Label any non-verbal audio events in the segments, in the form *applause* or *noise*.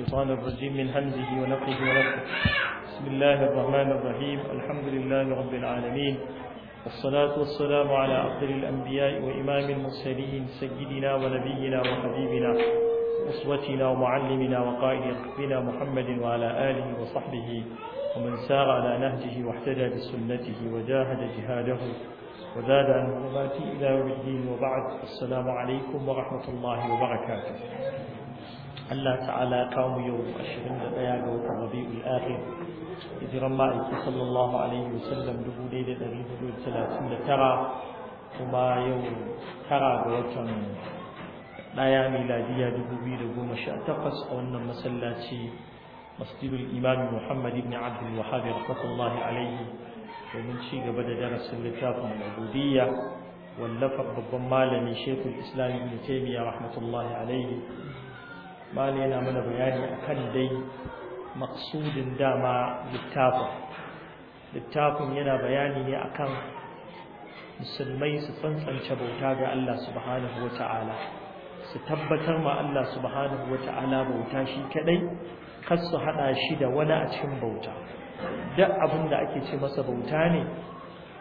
الشيطان الرجيم من همزه ونفخه ونفخه بسم الله الرحمن الرحيم الحمد لله رب العالمين والصلاة والسلام على أفضل الأنبياء وإمام المرسلين سيدنا ونبينا وحبيبنا أسوتنا ومعلمنا وقائد قلبنا محمد وعلى آله وصحبه ومن سار على نهجه واحتدى بسنته وجاهد جهاده وزاد عن حرماته إلى يوم الدين وبعد السلام عليكم ورحمة الله وبركاته Allah ta'ala kawo yau 21 ga watan Rabiul Akhir hijiran ma'aiki sallallahu alaihi wa wasallam 1439 kuma yau tara ga watan daya miladiya 2018 a wannan masallaci masjidul imam Muhammad ibn Abdul Wahhab rahmatullahi alaihi domin ci gaba da darasin littafin al-Ubudiyya wallafar babban malami Sheikhul Islam Ibn Taymiyyah rahmatullahi alaihi mala yana mana bayani kan dai maksudin dama littafin littafin yana bayani ne akan musulmai su tsantsance bauta ga Allah subhanahu wata'ala su tabbatar ma Allah subhanahu wata'ala bauta shi kadai kar su hada shi da wani a cikin bauta duk abin da ake ce masa bauta ne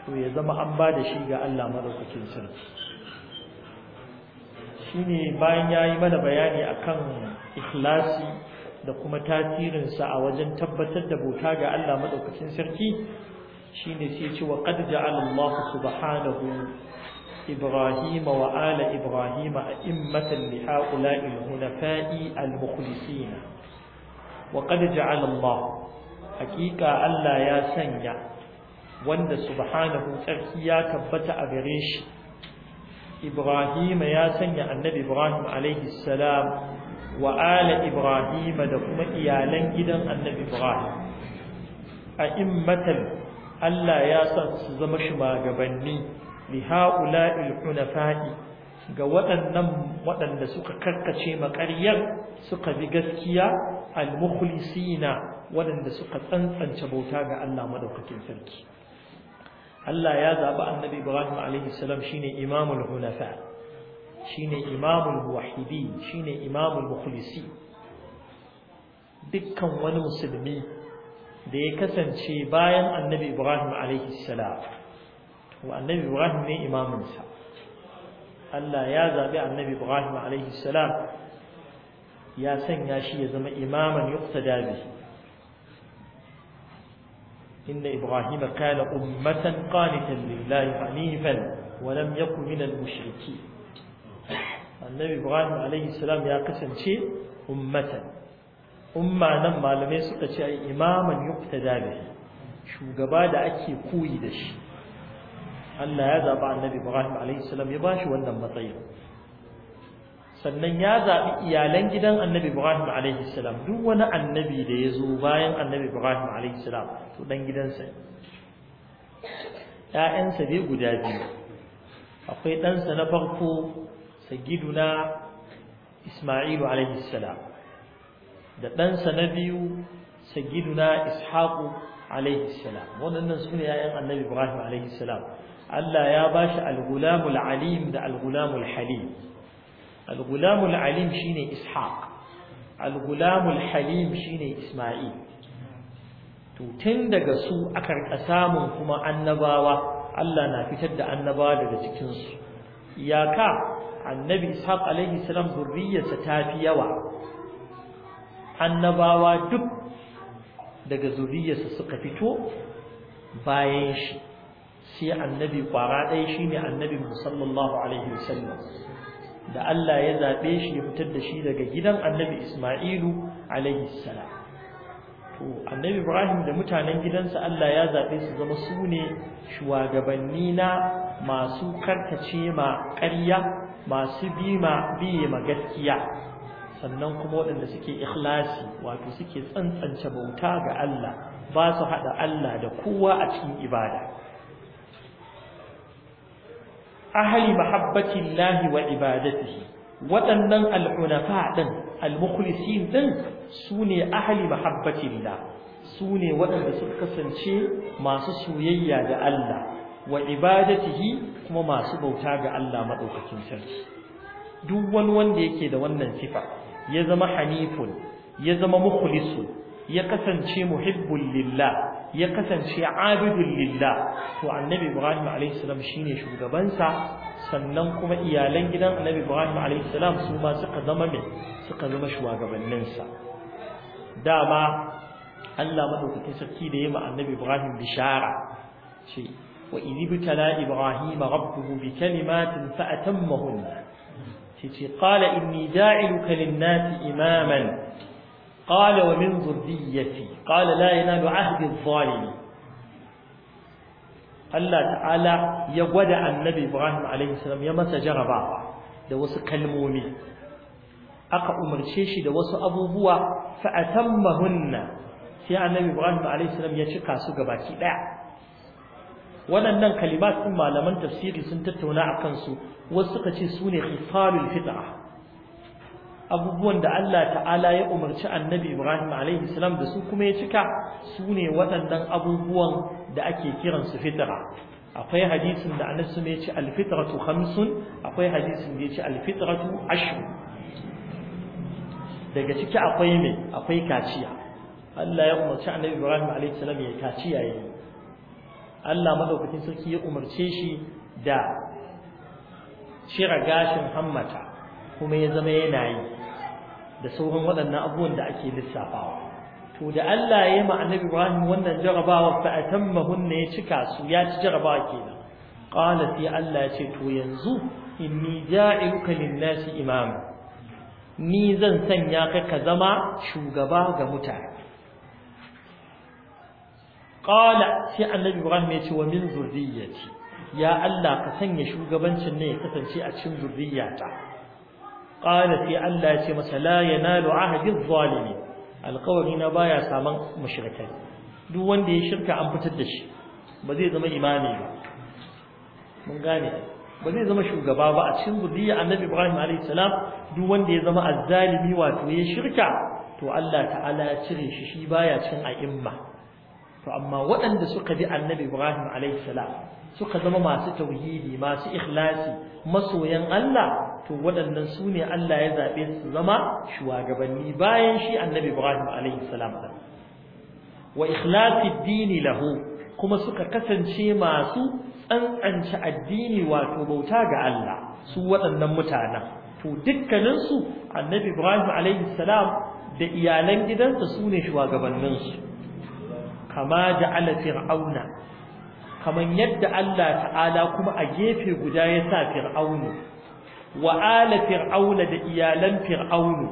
to ya zama an ba da shi ga Allah madaukakin sarki shine bayan yayi mana bayani akan ikhlasi da kuma tasirinsa a wajen tabbatar da bauta ga Allah madaukakin sarki shine sai ce wa qad ja'ala Allah subhanahu ibrahim wa ala ibrahim a'immatan li ha'ula'i al-hunafa'i al-mukhlisin wa qad ja'ala Allah haqiqa Allah ya sanya wanda subhanahu sarki ya tabbata a gare shi ibrahim ya sanya annabi ibrahim alayhi salam wa ala ibrahim da kuma iyalan gidan annabi ibrahim a immatan Allah ya san su zama shugabanni li haula'il hunafa'i ga waɗannan waɗanda suka karkace makaryar, suka bi gaskiya al-mukhlisina waɗanda suka tsantsance bauta ga Allah madaukakin sarki Allah ya zaɓi annabi Ibrahim alaihi salam shine imamul hunafa' shine imamul muwahhidi shine imamul mukhlisi dukkan wani musulmi da ya kasance bayan annabi ibrahim Alayhi salam wa annabi ibrahim ne imaminsa Allah ya zabi annabi ibrahim Alayhi salam ya sanya shi ya zama imaman yuqtada bihi inna ibrahima kana ummatan qanitan lillahi hanifan wa lam yakun minal mushrikeen annabi ibrahim alaihi salam ya kasance ummatan umma nan malamai suka ce ai imaman yuqtada bi shugaba da ake koyi da shi Allah ya zaba annabi ibrahim alaihi salam ya bashi wannan matsayin sannan ya zabi iyalan gidan annabi ibrahim alaihi salam duk wani annabi da ya zo bayan annabi ibrahim alaihi salam to dan gidansa ‘ya'yansa bai guda biyu akwai ɗansa na farko sayyiduna Isma'ilu alaihi salam da ɗansa na biyu sayyiduna Ishaqu alaihi salam wannan sune yayan Annabi Ibrahim alaihi salam Allah ya bashi al alim da al-gulamul halim al-gulamul alim shine Ishaq al halim shine Isma'il to tun daga su aka rika samun kuma annabawa Allah na fitar da annabawa daga cikinsu su iyaka annabi ishaq alaihi salam zurriyarsa ta fi yawa annabawa duk daga zurriyarsa suka fito bayan shi sai annabi kwara ɗaya ne annabi sallallahu alaihi wasallam da Allah ya zaɓe shi ya fitar da shi daga gidan annabi Ismailu alaihi salam to annabi Ibrahim da mutanen gidansa Allah ya zaɓe su zama su ne shugabanni na masu karkace ma ƙarya masu bima biye ma gaskiya sannan kuma waɗanda suke ikhlasi wato suke tsantsance bauta ga Allah ba su haɗa Allah da kowa a cikin ibada ahli mahabbati wa ibadatihi waɗannan al-hunafa din al-mukhlisin din sune ahli mahabbati sune waɗanda suka kasance masu soyayya da Allah wa ibadatihi kuma masu bauta ga Allah madaukakin sarki duk wani wanda yake da wannan sifa ya zama hanifun ya zama mukhlisun ya kasance muhibbul lillah ya kasance abidul lillah to annabi ibrahim alayhi salam shine shugaban sa sannan kuma iyalan gidan annabi ibrahim alayhi salam su ma suka zama me suka zama shugabannin sa dama Allah madaukakin sarki da yayi ma annabi ibrahim bishara ce. وإذ ابتلى إبراهيم ربه بكلمات فأتمهن قال إني جاعلك للناس إماما قال ومن ذريتي قال لا ينال عهد الظالم الله تعالى يودع النبي إبراهيم عليه السلام يما سجرب دوس كلمومي أقع أمر شيشي دوس أبو بوا فأتمهن في النبي إبراهيم عليه السلام يشكى سقباكي لا waɗannan kalimat ɗin malaman tafsiri sun tattauna a kansu wasu suka ce su ne khisalul fitra abubuwan da Allah ta'ala ya umarci annabi Ibrahim alaihi salam da su kuma ya cika su ne waɗannan abubuwan da ake kiransu fitra akwai hadisin da annabi sun ce alfitratu khamsun akwai hadisin da ya ce alfitratu ashr daga ciki akwai me akwai kaciya Allah ya umarci annabi Ibrahim alaihi salam ya kaciya yayi Allah madaukakin sarki ya umarce shi da cire gashin hammata kuma ya zama yana yi da sauran waɗannan abubuwan da ake lissafawa to da Allah ya yi ma annabi Ibrahim wannan jarabawa fa atammahunna ya cika su ya ci jarabawa kenan qala sai Allah ya ce to yanzu inni ja'iluka lin-nasi imama ni zan sanya ka ka zama shugaba ga mutane Ƙala sai annabi ibrahim ya ce wa min zurriyyati ya Allah ka sanya shugabancin ne ya kasance a cikin zurriyyata Ƙala sai Allah ya ce masa la yanalu ahdi zalimi alqawli na baya saman mushrikai duk wanda ya shirka an fitar da shi ba zai zama imami ba mun gane ba zai zama shugaba ba a cikin zurriya annabi ibrahim alayhi salam duk wanda ya zama azzalimi wato ya shirka to Allah ta'ala ya cire shi shi baya cikin a'imma to amma waɗanda suka bi annabi Ibrahim alaihi salam suka zama masu tauhidi masu ikhlasi masoyan Allah to waɗannan su ne Allah ya zaɓe su zama shugabanni bayan shi annabi Ibrahim alaihi salam wa ikhlasi dini lahu kuma suka kasance masu tsantsance addini wato bauta ga Allah su waɗannan mutanen to dukkaninsu annabi Ibrahim alaihi salam da iyalan gidansa su ne shugabanninsu kama ja'ala fir'auna kaman yadda Allah ta'ala kuma a gefe guda ya sa fir'aunu wa ala fir'auna da iyalan fir'aunu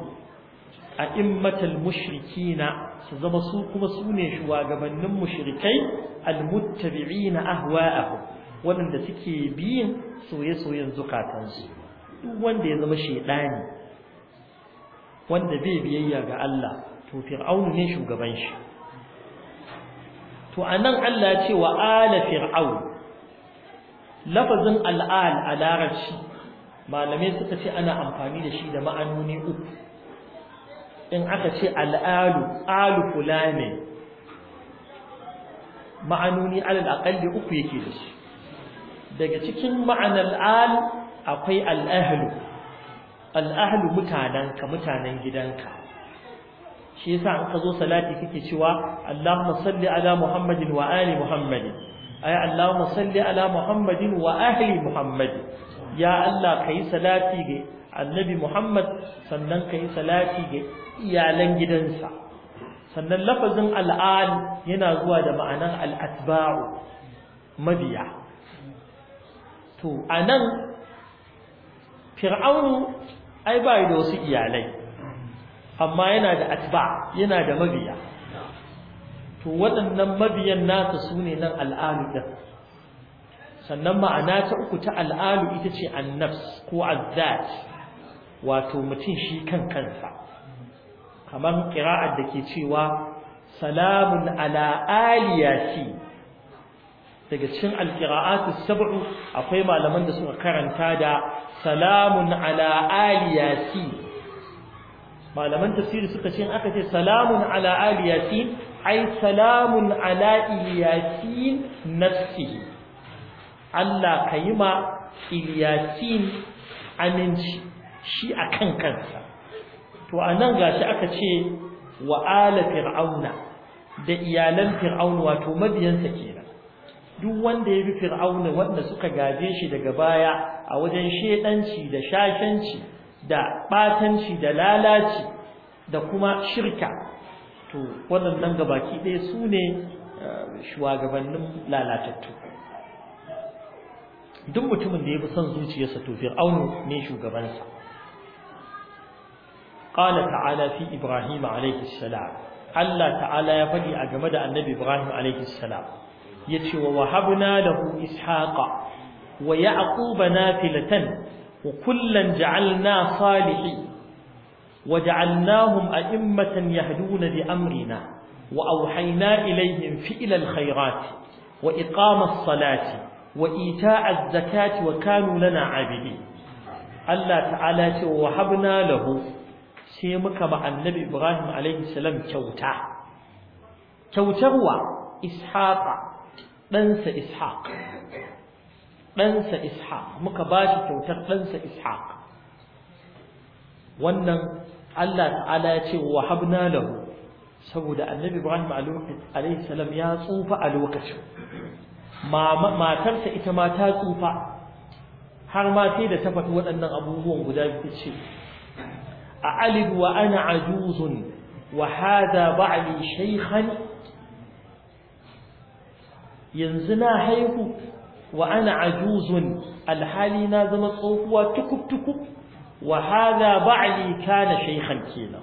a immatal mushrikina su zama su kuma su ne shugabannin mushrikai almuttabi'ina ahwa'ahu waɗanda suke biyin soye zukatan zukatansu duk wanda ya zama shedani wanda bai biyayya ga Allah to fir'aunu ne shugaban shi to anan Allah ya ce wa ala fir'aun lafazin al'al a larabci malamai suka ce ana amfani da shi da ma'anoni uku in aka ce al'alu alu fulani ma'anoni alal aqalli uku yake da shi daga cikin ma'anar al'al akwai al'ahlu al'ahlu mutananka mutanen gidanka shi yasa in ka zo salati kake cewa Allahumma salli ala Muhammadin wa ali Muhammadin ay Allahumma salli ala Muhammadin wa ahli Muhammad ya Allah kai salati ga Annabi Muhammad sannan kai salati ga iyalan gidansa sannan lafazin al'al yana zuwa da ma'anar al'atba'u mabiya to anan fir'aunu ai bai da wasu iyalai amma yana da atba yana da mabiya to waɗannan mabiyan nasa su ne nan al'alu ɗin sannan ma'ana ta uku ta al'alu ita ce annafs ko azzat wato mutum shi kan kansa kamar ƙira'ar da ke cewa salamun ala daga cikin alƙira'atu sab'u akwai malaman da suka karanta da salamun ala malaman tafsiri suka ce in aka ce salamun ala ali yasin ai salamun ala iliyasin nafsi Allah ka yi ma iyasin aminci shi a kan kansa to a nan gashi aka ce wa ala fir'auna da iyalan fir'auna wato mabiyansa kenan duk wanda ya bi fir'auna wanda suka gaje shi daga baya a wajen shedanci da shashanci da batanci da lalaci da kuma shirka to waɗannan gabaki ɗaya su ne eh, shugabannin lalatattu duk mutumin da ya fi son zuciyarsa to fir'aunu ne shugabansa qala ta'ala fi ibrahim alayhi Allah ta'ala ya faɗi a game da annabi ibrahim alayhi Ya ce wa wahabna lahu ishaqa wa yaquba nafilatan وكلا جعلنا صالحين وجعلناهم أئمة يهدون بأمرنا وأوحينا إليهم فئل الخيرات وإقام الصلاة وإيتاء الزكاة وكانوا لنا عابدين الله تعالى وهبنا له سيمك مع النبي إبراهيم عليه السلام كوتا كوتا هو إسحاق ɗansa Ishaq ɗansa ishaq muka ba shi kyautar ɗansa ishaq wannan Allah ta'ala ya ce wa habna lahu saboda annabi ibrahim alaihi salam ya tsufa a lokacin matarsa ita ma ta tsufa har ma sai da ta faɗi waɗannan abubuwan guda biyu ce a alid wa ana ajuzun wa hada ba'li shaykhan yanzu na haihu wa ana ajuzun alhali na zama tsohuwa tukuk-tukuk, wa hada ba'li kana shaykhan kenan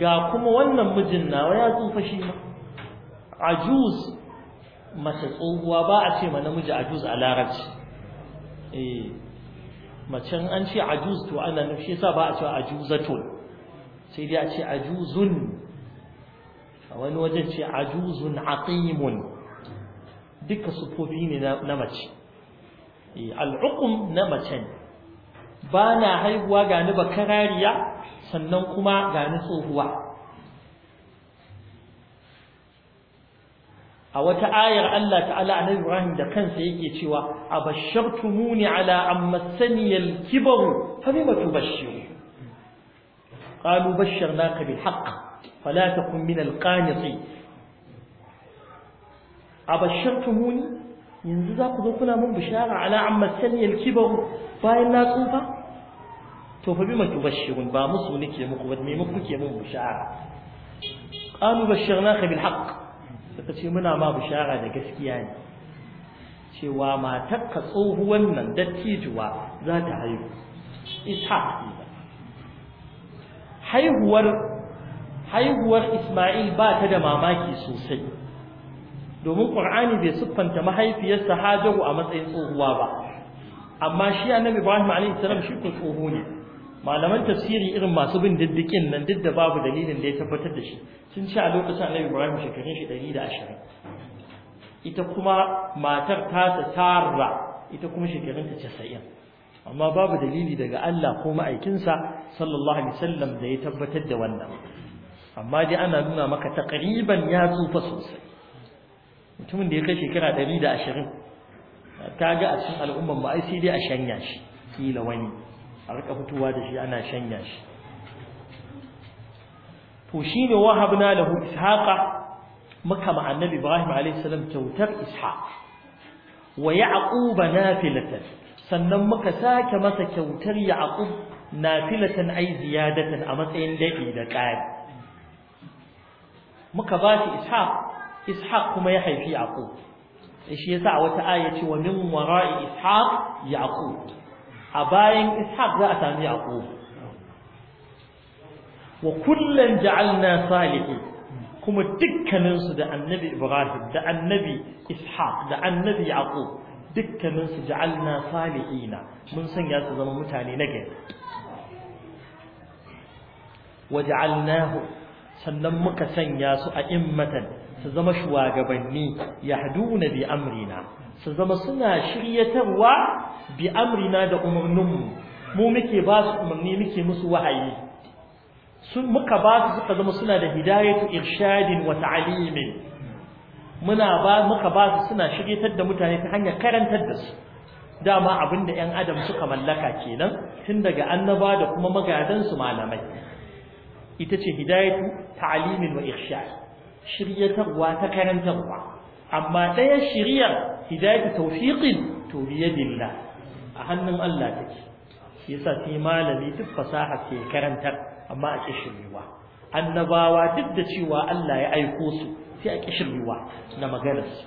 ga kuma wannan mijin nawa ya tsufa shi ma ajuz mace tsohuwa ba a ce ma namiji ajuz a larabci eh macen an ce ajuz to ana nufi yasa ba a ce ajuzatun sai dai a ce ajuzun a wani wajen ce ajuzun aqimun duka sufofi ne na mace eh, al'uqum na mace ne ba na haihuwa gani bakarariya sannan kuma gani tsohuwa a wata ayar Allah ta'ala annabi Ibrahim da kansa yake cewa a abashartumuni ala ammasani al-kibru fabima bashiru qalu basharnaka bil haqq fala takun min al a abashartumuni yanzu za ku zo kuna mun bishara ala amma saniyal kibaru bayan na tsufa to fa bima tubashirun ba musu nake muku ba me muku mun bishara qalu basharnaka bil haqq suka ce muna ma bishara da gaskiya ne cewa matar ka tsohuwan nan dattijuwa za ta haihu ishaq haihuwar haihuwar isma'il ba ta da mamaki sosai domin qur'ani bai siffanta mahaifiyarsa hajaru a matsayin tsohuwa ba amma shi annabi ibrahim alaihi salam shi ko tsoho ne malaman tafsiri irin masu bin diddikin nan duk da babu dalilin da ya tabbatar da shi sun ce a lokacin annabi ibrahim shekarun shi ɗari da ashirin ita kuma matar tasa tara ita kuma shekarunta casa'in amma babu dalili daga allah ko ma'aikinsa sallallahu alaihi wasallam da ya tabbatar da wannan amma dai ana nuna maka takriban ya tsufa sosai mutumin da ya kai shekara ɗari da ashirin ta ga a cikin al'umman ba ai sai dai a shanya shi kila wani a rika fitowa da shi ana shanya shi to shi ne wahabna lahu ishaqa muka ma annabi ibrahim alayhi salam kyautar ishaq wa yaquba nafilatan sannan muka sake masa kyautar yaqub nafilatan ai ziyadatan a matsayin dadi da ƙari muka ba shi ishaq ishaq kuma ya haifi yaqub shi yasa a wata aya ce wa min wara'i ishaq yaqub a bayan ishaq za a sami yaqub wa kullan ja'alna salihin kuma dukkanin su da annabi ibrahim da annabi ishaq da annabi yaqub dukkanin su ja'alna salihina mun sanya su zama mutane nagari waja'alnahu sannan muka sanya su a immatan su zama shugabanni na bi amrina su zama suna shiryatarwa bi amrina da umarninmu mu muke ba su umarni muke musu wahayi sun muka ba su suka zama suna da hidayatu irshadin wa ta'limin muna ba muka ba su suna shiryatar da mutane ta hanyar karantar da su dama abinda ƴan adam suka mallaka kenan tun daga annaba da kuma magadan malamai ita ce hidayatu ta'limin wa irshadin shiryatarwa ta karantarwa amma ɗaya shiryar hidayatu tawfiqin to biyadillah a hannun Allah take shi yasa sai malami duk fasaha ke karantar amma a kishirwa annabawa duk da cewa Allah ya aiko su sai a kishirwa na maganar su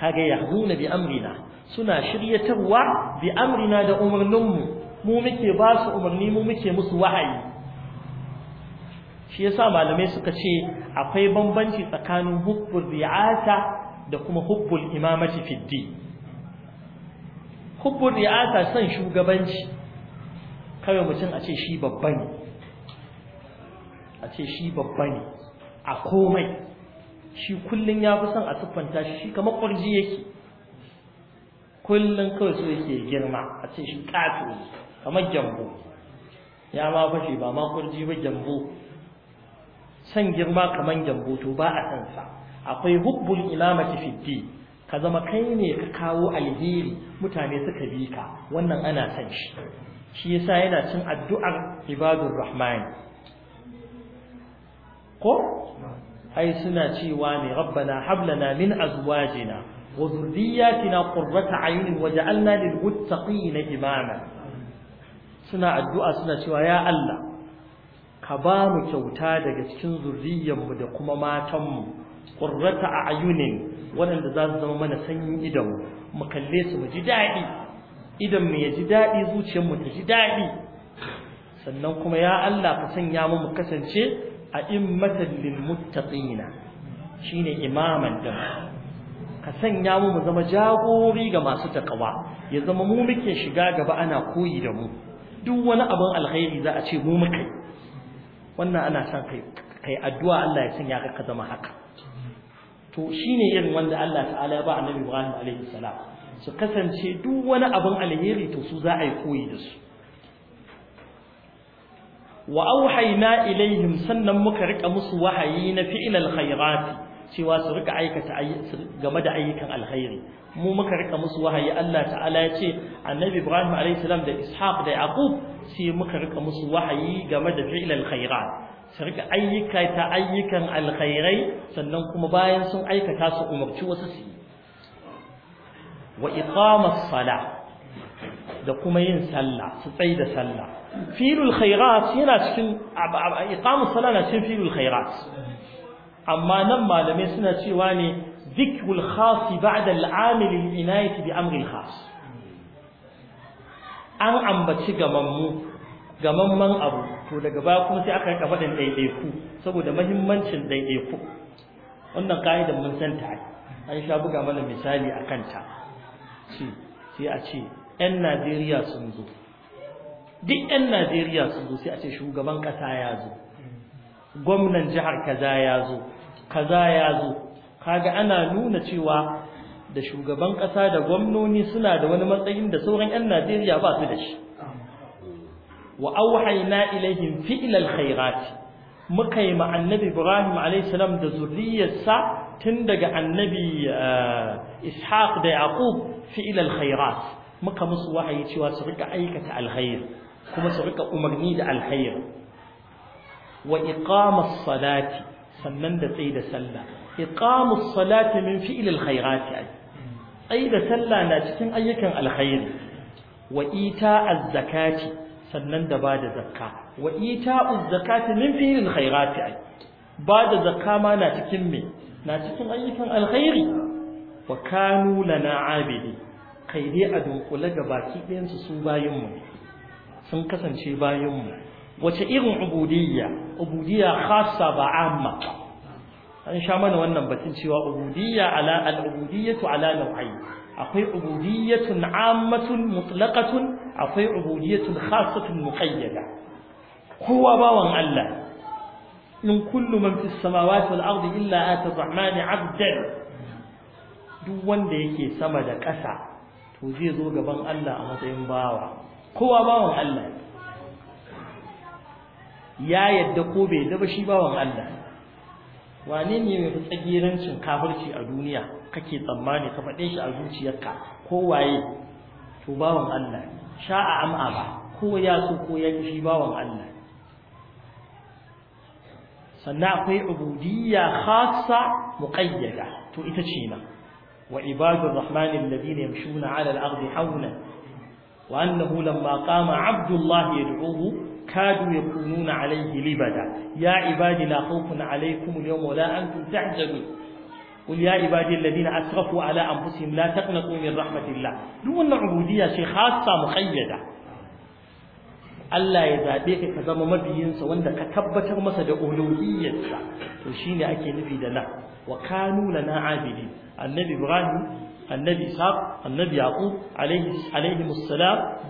kage yahduna bi amrina suna shiryatarwa bi amrina da umarninmu mu muke ba su umarni mu muke musu wahayi shi yasa malamai suka ce akwai bambanci tsakanin hubbul ri'ata da kuma hubbul imamati fiddi hubbul ri'ata san shugabanci kawai mutum a ce shi babba ne a ce shi babba ne a komai shi kullum ya fi son a siffanta shi shi kamar kurji yake kullum kawai so yake girma a ce shi ƙato kamar gyambo ya ma fashe ba ma kurji ba gyambo san girma kaman gyambo to ba a san sa akwai hubbul ilamati fiddi ka zama kai ne ka kawo alheri mutane suka bi ka wannan ana san shi shi yasa yana cin addu'ar ibadur rahman ko ai suna cewa ne rabbana hablana min azwajina wa dhurriyyatina qurrata aynin waj'alna lil muttaqina imama suna addu'a suna cewa ya Allah ka ba mu kyauta daga cikin zurriyyarmu da kuma matanmu a a'yunin waɗanda za su zama mana sanyin idanmu mu kalle su mu ji daɗi idan mu ya ji daɗi zuciyarmu ta ji daɗi sannan kuma ya Allah ka sanya mu mu kasance a immatan lil muttaqina shine imaman da ka sanya mu mu zama jagori ga masu takawa ya zama mu muke shiga gaba ana koyi da mu duk wani abin alkhairi za a ce mu muke wannan ana son kai kai addu'a Allah ya sanya ka zama haka to shine irin wanda Allah ta'ala ya ba annabi Ibrahim alaihi salam su kasance duk wani abin alheri to su za a yi koyi da su wa auhayna ilaihim sannan muka rika musu wahayi na fi'ilal khairati cewa su rika aikata game da ayyukan alkhairi mu muka rika musu wahayi Allah ta'ala ya ce annabi Ibrahim alayhi salam da Ishaq da Yaqub sai muka rika musu wahayi game da fi'l alkhairat su rika aikata ayyukan alkhairai sannan kuma bayan sun aikata su umarci wasu su wa iqamas salah da kuma yin sallah su tsai da sallah fi'l alkhairat yana cikin iqamus salah na cikin fi'l alkhairat amma nan malamai suna cewa ne zikrul khasi ba'da al'amil al-inayati bi amri khas an ambaci gamammu gamamman abu to daga baya kuma sai aka rika faɗin ɗaiɗaiku saboda mahimmancin ɗaiɗaiku wannan ka'idar mun san ta an sha buga mana misali a kanta sai a ce 'yan Najeriya sun zo duk 'yan Najeriya sun zo sai a ce shugaban ƙasa ya zo gwamnan jihar kaza ya zo kaza ya zo kaga ana nuna cewa da shugaban kasa da gwamnoni suna da wani matsayin da sauran yan Najeriya ba su da shi wa auhayna ilaihim fi'lal khairat muka yi ma annabi Ibrahim alayhi salam da zurriyarsa tun daga annabi eh, Ishaq da Yaqub fi'lal khairat muka musu wahayi cewa su rika aikata alkhair kuma su rika umarni da alkhair wa iqamus salati sannan da tsayi da sallah iqamus salati min fi'il alkhairati ai tsayi da sallah na cikin ayyukan alkhairi wa ita'az zakati sannan da bada zakka wa ita'uz zakati min fi'il alkhairati ai bada zakka ma na cikin me na cikin ayyukan alkhairi wa kanu lana abidi kai dai a dunkule ga baki ɗayansu su mu. sun kasance mu. wace irin ubudiyya ubudiyya khassa ba amma an sha mana wannan batun cewa ubudiyya ala al-ubudiyyatu ala nau'ai akwai ubudiyyatun ammatun mutlaqatun akwai ubudiyyatun khassatun muqayyada kowa bawan Allah in kullu man fis samawati wal ardi illa ata rahmani 'abdan duk wanda yake sama da ƙasa to zai zo gaban Allah a matsayin bawa kowa bawan Allah ya yadda ko bai yadda ba shi bawan Allah wane ne mai tsagirancin kafirci a duniya kake tsammani ka faɗe shi a zuciyarka ko waye to bawan Allah sha'a am'a ba ko ya so ko ya ki shi bawan Allah sannan akwai ubudiyya khassa muqayyada to ita ce na wa ibadur rahmanil ladina yamshuna 'ala al-ardi hawna wa annahu lamma qama 'abdullahi yad'uhu كادوا يكونون عليه لبدا يا عبادي لا خوف عليكم اليوم ولا أنتم تحزنون قل يا عبادي الذين أسرفوا على أنفسهم la. تقنطوا من رحمة الله دون عبودية شي خاصة مقيدة Allah ya zaɓe ka ka zama mabiyinsa wanda ka tabbatar masa da uluhiyyarsa to shine ake nufi da la wa kanu lana abidi annabi ibrahim annabi ishaq annabi yaqub alaihi alaihi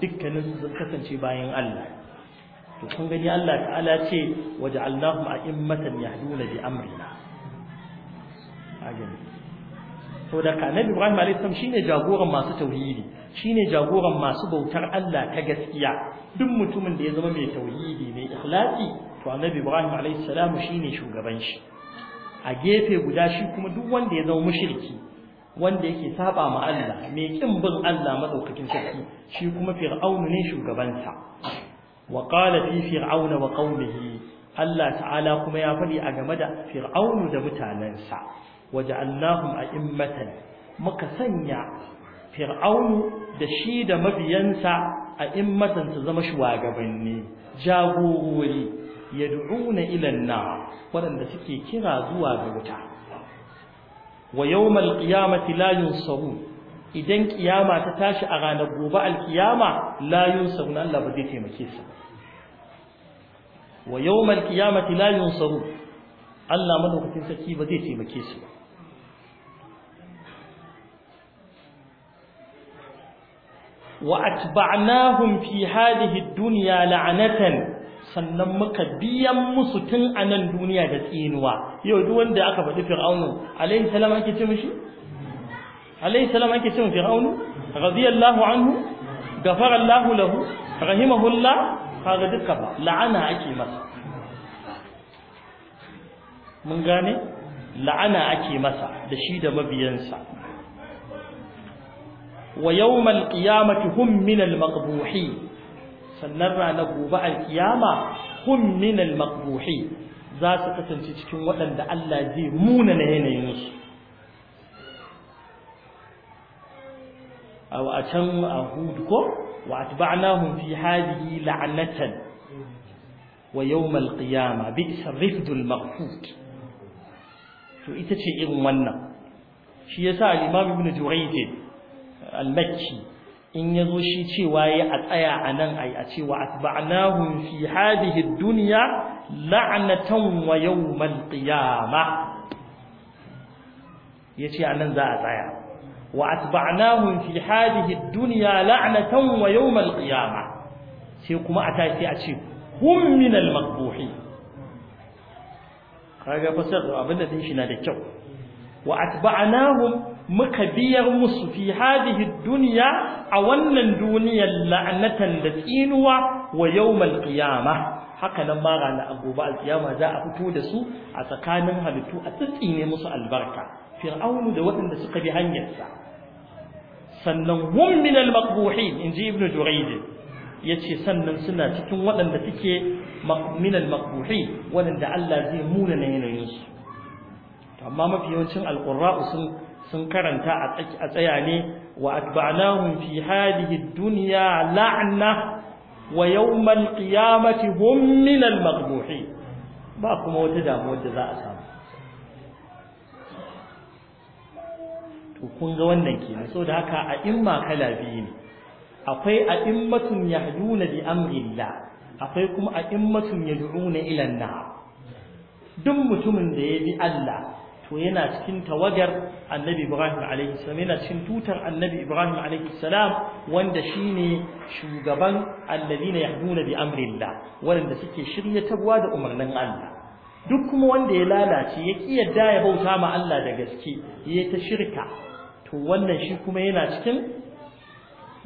dukkanin sun kasance bayan Allah to kun gani Allah ta'ala ce waja'alnahum a'immatan yahduna bi amrina ajin to da ka Ibrahim alayhi salam shine jagoran masu tauhidi shine jagoran masu bautar Allah ta gaskiya duk mutumin da ya zama mai tauhidi mai ikhlasi to annabi Ibrahim alayhi salam shine shugaban shi a gefe guda shi kuma duk wanda ya zama mushriki wanda yake saba ma Allah mai kin bin Allah madaukakin sarki shi kuma fir'aunu ne shugabansa wa qala fi fir'aun wa Allah ta'ala kuma ya faɗi a game da fir'aun da mutanansa waja'alnahum a'immatan muka sanya fir'aun da shi da mabiyansa a'immatan su zama shugabanni jagorori yad'una ila an-nar waɗanda suke kira zuwa ga wuta wa yawmal qiyamati la yunsarun idan kiyama ta tashi a ranar gobe alkiyama la yunsarun Allah ba zai taimake su wa yawmal qiyamati la yunsaru Allah madaukakin sarki ba zai taimake su wa atba'nahum fi hadhihi ad-dunya la'natan sannan muka biyan musu tun a nan duniya da tsinuwa yau duk wanda aka faɗi fir'aunu alayhi salam ake ce mishi alaihi salam ake cin fir'aunu radiyallahu anhu gafara Allahu lahu rahimahullah kaga duka ba la'ana ake masa mun gane la'ana ake masa da shi da mabiyansa wa yawmal qiyamati hum min al sannan rana gobe al qiyama hum min al za su kasance cikin waɗanda Allah zai muna na yanayinsu a can a hudu ko wa atba'nahum fi hadhihi la'natan wa yawm al-qiyamah bi'sa rifdul to ita ce irin wannan shi yasa al-imam ibn jurayj al-makki in yazo shi cewa ya a tsaya anan ai a cewa atba'nahum fi hadhihi ad-dunya la'natan wa yawm al-qiyamah yace anan za a tsaya وأتبعناهم في هذه الدنيا لعنة ويوم القيامة سيقوم أتاتي أتشيب هم من المقبوحين kaga fasar abin da shi na da kyau wa atba'nahum muka biyar musu fi hadhihi dunya a wannan duniyar la'anatan da tsinuwa wa yawmal qiyama. haka nan ma ranar gobe alkiyama za a fito da su a tsakanin halittu a tsitsine musu albarka fir'aunu da waɗanda suka bi hanyarsa sannan hum min al-maqbuhin inji ibn jurayd yace sannan suna cikin waɗanda suke min al waɗanda Allah zai muna na yanayin su amma mafi yawancin al-qurra'u sun sun karanta a tsaya ne wa atba'nahum fi hadhihi ad-dunya la'na wa yawm al-qiyamati hum min al ba kuma wata damuwar da za a samu to kun ga wannan kenan saboda haka a imma kala biyu ne akwai a immatun yahduna bi amrillah akwai kuma a immatun yad'una ila an-nar duk mutumin da ya bi Allah to yana cikin tawagar Annabi Ibrahim alaihi salam yana cikin tutar Annabi Ibrahim alaihi salam wanda shine shugaban alladina yahduna bi amrillah wanda suke shiryatarwa da umarnin Allah duk kuma wanda ya lalace ya ki yadda ya bauta ma Allah da gaske ya ta shirka to wannan shi kuma yana cikin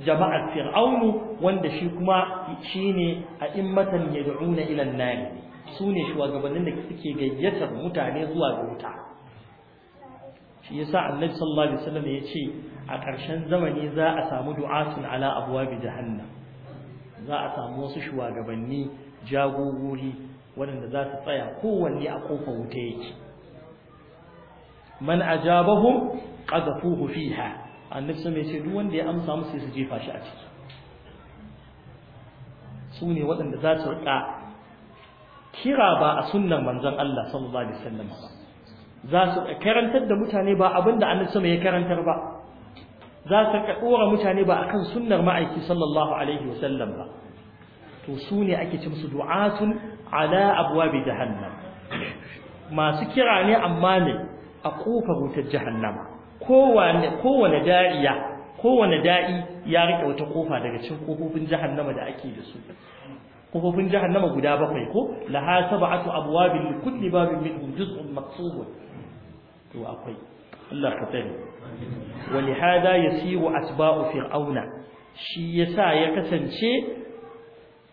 jama'ar fir'aunu wanda shi kuma shi ne a immatan yad'una ila an-nar sune shugabannin da suke gayyatar mutane zuwa ga wuta shi yasa annabi sallallahu alaihi wasallam ce a ƙarshen zamani za a samu du'atun ala abwabi jahannam za a samu wasu shugabanni jagogori waɗanda za su tsaya kowanne a kofar wuta yake man ajabahum qadhafuhu fiha annabi sai ya ce duk wanda ya amsa musu su jefa shi a ciki su ne waɗanda za su riƙa kira ba a sunnan manzon Allah sallallahu alaihi wasallam ba za su karantar da mutane ba abinda annabi sama ya karantar ba za su ka dora mutane ba akan sunnar ma'aiki sallallahu alaihi wasallam ba to su ne ake ce musu du'atun ala abwabi jahannam masu kira ne amma ne a kofar wutar jahannama kowane kowane dariya kowane da'i ya rike wata kofa daga cikin kofofin jahannama da ake da su kofofin jahannama guda bakwai ko laha sab'atu abwabin li kulli babin minhum juz'un maqsud to akwai Allah ka tsare wa li hada yasiru asba'u fir'auna shi yasa ya kasance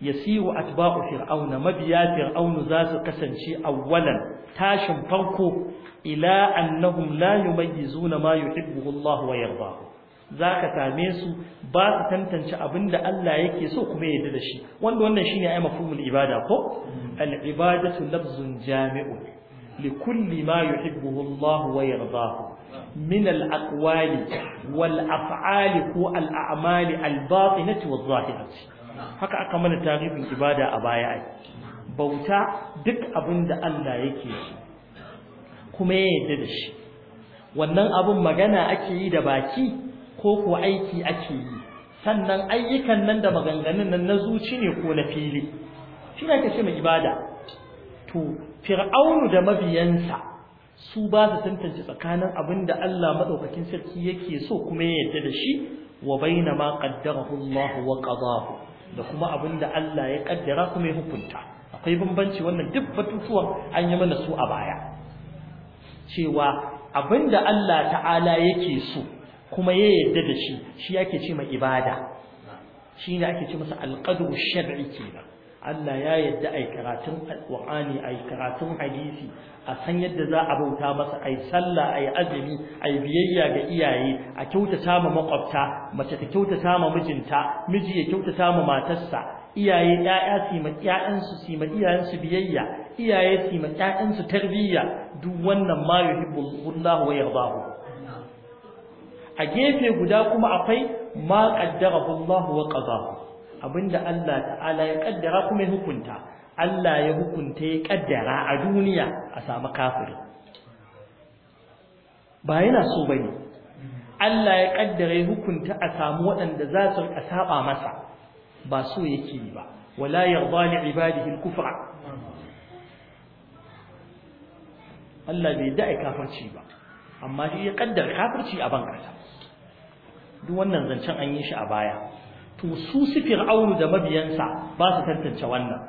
yasiru atba'u fir'auna mabiya fir'aunu za su kasance awwalan tashin farko ila annahum la yumayyizuna ma yuhibbuhu Allah wa yardahu zaka same su ba su tantance abinda Allah yake so kuma yarda da shi wanda wannan shine ai mafhumul ibada ko al ibadatu lafzun jami'un li kulli ma yuhibbuhu Allah wa yardahu min al aqwali wal af'ali ko al a'mali al batinati wal zahirati haka aka mana tarihin ibada a baya ai bauta duk abinda Allah yake so kuma ya yarda da shi wannan abin magana ake yi da baki ko ko aiki ake yi sannan ayyukan nan da maganganun nan na zuci ne ko na fili shi ne ake ce mai ibada to fir'aunu da mabiyansa su ba su tantance tsakanin abin da Allah madaukakin sarki yake so kuma ya yarda da shi wa baina ma qaddarahu Allah wa qadahu da kuma abin da Allah ya kaddara kuma ya hukunta akwai bambanci wannan duk batutuwan an yi mana su a baya cewa abinda Allah ta'ala yake so kuma ya yadda da shi shi yake ce mai ibada shine ake ce masa alqadru shar'i kenan Allah ya yarda ai karatun alqur'ani ai karatun hadisi a san yadda za a bauta masa ai sallah ai azumi ai biyayya ga iyaye a kyautata ma makwabta mace ta kyautata ma mijinta miji ya kyautata ma matarsa iyaye ɗaya su ma 'ya'yansu su ma iyayensu biyayya iyaye su ma tarbiyya duk wannan ma yuhibbullahu wa yardahu a gefe guda kuma akwai ma qaddarahu Allah wa qadahu abinda Allah ta'ala ya kaddara kuma ya hukunta Allah ya hukunta ya kaddara a duniya a samu kafiri ba yana so bane Allah ya kaddara ya hukunta a samu waɗanda za su saba masa ba so yake ba wala yarda li ibadihi al-kufra Allah bai da kafirci ba amma shi ya kaddara kafirci a ban kasa duk wannan zancen an yi shi a baya to su su fir'aunu da mabiyansa ba su tantance wannan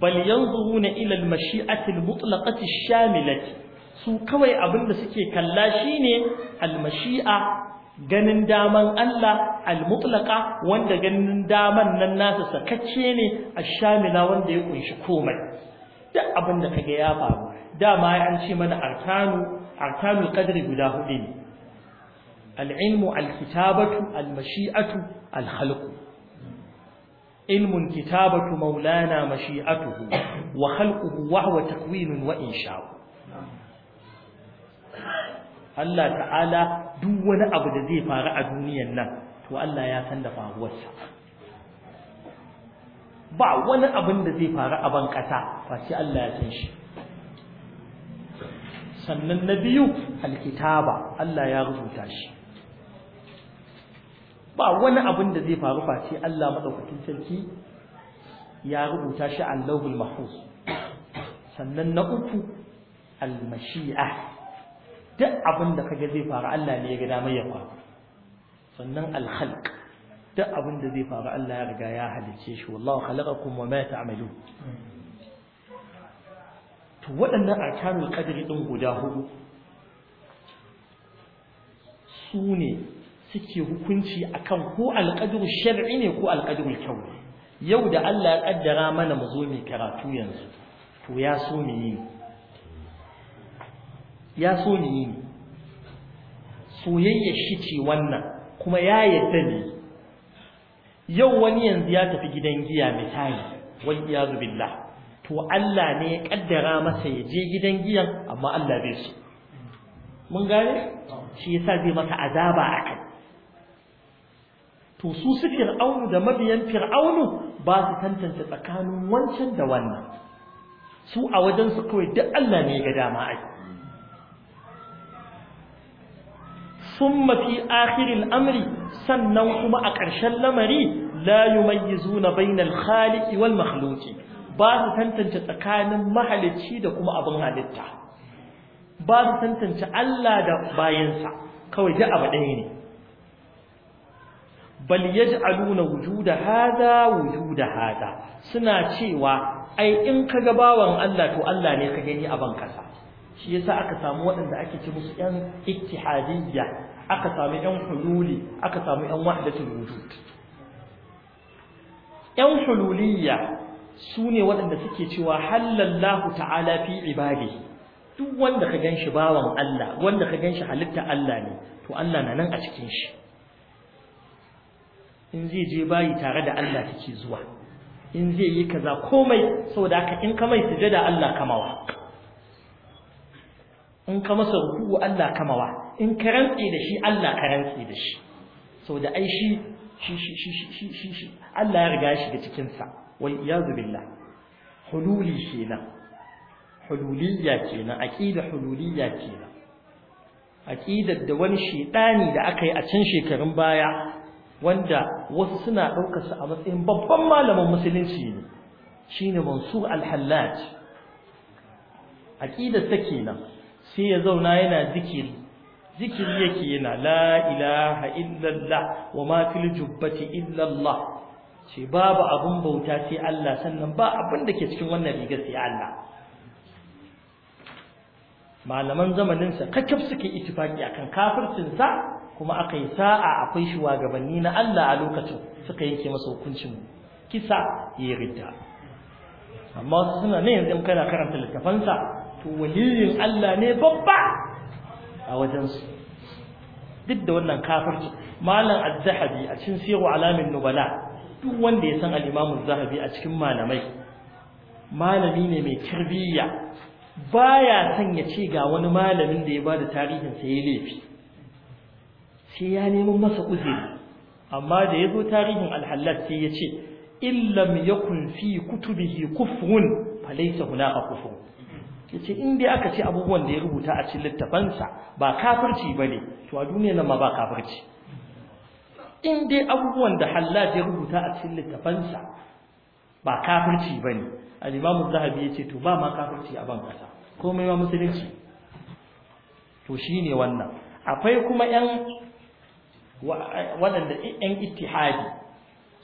bal yanzuruna ila al-mashi'ati al-mutlaqati shamilati su kawai abin da suke kalla shine al-mashi'a ganin daman Allah al-mutlaqa wanda ganin daman nan nasa sakacce ne ash-shamila wanda ya kunshi komai duk abin da kage ya faru dama an ce mana arkanu arkanul qadri guda hudu ne al-ilmu al-kitabatu al-mashi'atu al-khalqu ilmun kitabatu maulana mashi'atuhu wa khalquhu wa huwa takwinun wa insha'u Allah ta'ala duk wani abu da zai faru a duniyar nan to Allah ya san da faruwarsa ba wani abin da zai faru a ban kasa face Allah ya san shi sannan na biyu alkitaba Allah ya rubuta shi ba wani abin da zai faru face Allah madaukakin sarki ya rubuta shi a lawhul mahfuz sannan na uku almashi'a duk abin da kaga zai faru Allah ne ya ga damar ya faru sannan alkhalq duk abin da zai faru Allah ya riga ya halice shi wallahu khalaqakum wa ma ta'malun to waɗannan arkanul qadri din guda hudu su suke hukunci akan ko alqadru shar'i ne ko alqadru kauni yau da Allah ya kaddara mana mu zo mu karatu yanzu to ya so mu yi ya so mu yi soyayya shi ce wannan kuma ya yadda ne yau wani yanzu ya tafi gidan giya misali wal iyazu billah to Allah ne ya kaddara masa ya je gidan giyan amma Allah bai so mun gane shi yasa zai masa azaba akai to su su fir'aunu da mabiyan fir'aunu ba su tantance tsakanin wancan da wannan su a wajen su kawai duk Allah ne ga dama ai summa fi akhiril amri sannan kuma a ƙarshen lamari la yumayyizuna bainal khaliqi wal makhluqi ba su tantance tsakanin mahalicci da kuma abin halitta ba su tantance Allah da bayansa kawai da abu ɗaya ne bal yaj'aluna wujuda hada wujuda hada suna cewa ai in kaga bawan Allah to Allah ne ka gani a ban kasa shi yasa aka samu waɗanda ake ce musu ƴan ittihadiyya aka samu ƴan hululi aka samu ƴan wahdatul wujud Ƴan hululiyya su ne waɗanda suke cewa halallahu ta'ala fi ibadi duk wanda ka gan shi bawan Allah wanda ka gan shi halitta Allah ne to Allah na nan a cikin shi in zai je bayi tare da Allah take zuwa in zai yi kaza komai saboda haka in ka mai sujada Allah kamawa in ka masa ruku'u Allah kamawa in ka rantse da shi Allah ka rantse da shi saboda ai shi shi shi shi shi shi Allah ya riga ya shiga cikin sa wal iyazu billah hululi kenan hululiyya kenan aqida hululiyya kenan aqidar da wani shedani da aka yi a can shekarun baya wanda wasu suna daukar sa a matsayin babban malamin musulunci ne shine Mansur al-Hallaj aqidar ta kenan sai ya zauna yana zikiri zikiri yake yana la ilaha illallah wa ma fil jubbati illallah ce babu abun bauta sai Allah sannan ba abin da ke cikin wannan rigar sai Allah malaman zamaninsa sa suka suke itifaki akan kafircin sa kuma akai sa'a akwai shugabanni na Allah a lokacin suka yanke masa hukuncin kisa ya ridda amma suna ne yanzu kana karanta littafansa to waliyin Allah ne babba a wajensu duk da wannan kafirci malam az-zahabi a cikin siru alamin nubala duk wanda ya san al-imam az-zahabi a cikin malamai malami ne mai kirbiya baya san ya ce ga wani malamin da ya bada tarihin sa yayi laifi sai ya nemi masa uzuri amma da yazo tarihin al-hallat sai ya ce illam yakun fi kutubihi kufrun falaysa a kufun. yace in dai aka ce abubuwan da ya rubuta a cikin littafansa ba kafirci bane to a duniyar nan ma ba kafirci in dai abubuwan da Hallaj ya rubuta a cikin littafansa ba kafirci bane al-Imam Az-Zahabi yace to ba ma kafirci a ban kasa komai ma musulunci to shine wannan akwai kuma yan waɗanda yan ittihadi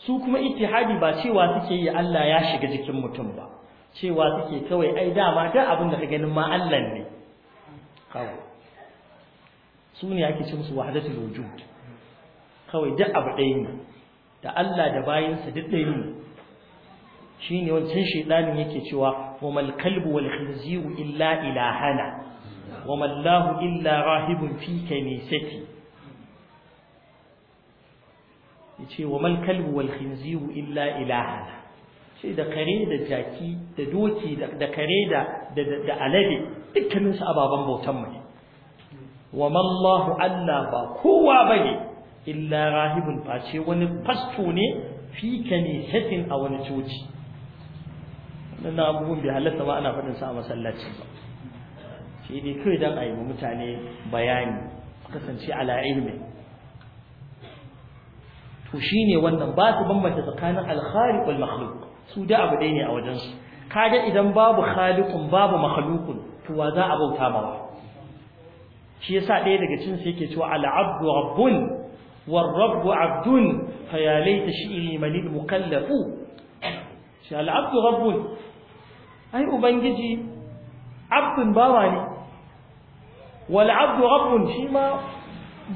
su kuma ittihadi ba cewa suke yi Allah ya shiga jikin mutum ba cewa suke kawai ai dama ta abin da ka ganin ma Allah ne kawai su ne ake ce musu wahdatul wujud kawai duk abu ɗaya ne da Allah da bayansa duk ɗaya ne shine wancan shedanin yake cewa wa mal kalbu wal khinziru illa ilahana wa mallahu illa rahibun fi kanisati yace wa mal kalbu wal khinziru illa ilahana sai da kare da jaki da doki da kare da da alade dukkanin su ababan bautan mu ne wa mallahu Allah ba kowa bane illa rahibun face wani fasto ne ne kanisatin a wani coci wannan abubuwan bai halatta ba ana faɗin sa a masallaci ba shi ne kai yi wa mutane bayani kasance ala ilmi to shine wannan ba su bambanta tsakanin alkhari khaliq wal makhluq su da abu ɗaya ne a wajensu kaga idan babu khaliqun babu makhluqun to wa za a bauta ma ba shi yasa ɗaya daga cin sai yake cewa al-abdu rabbun war-rabbu abdun fa ya laita shi'ri man al-mukallafu shi al-abdu rabbun ai ubangiji abdun bawa ne wal abdu rabbun shi ma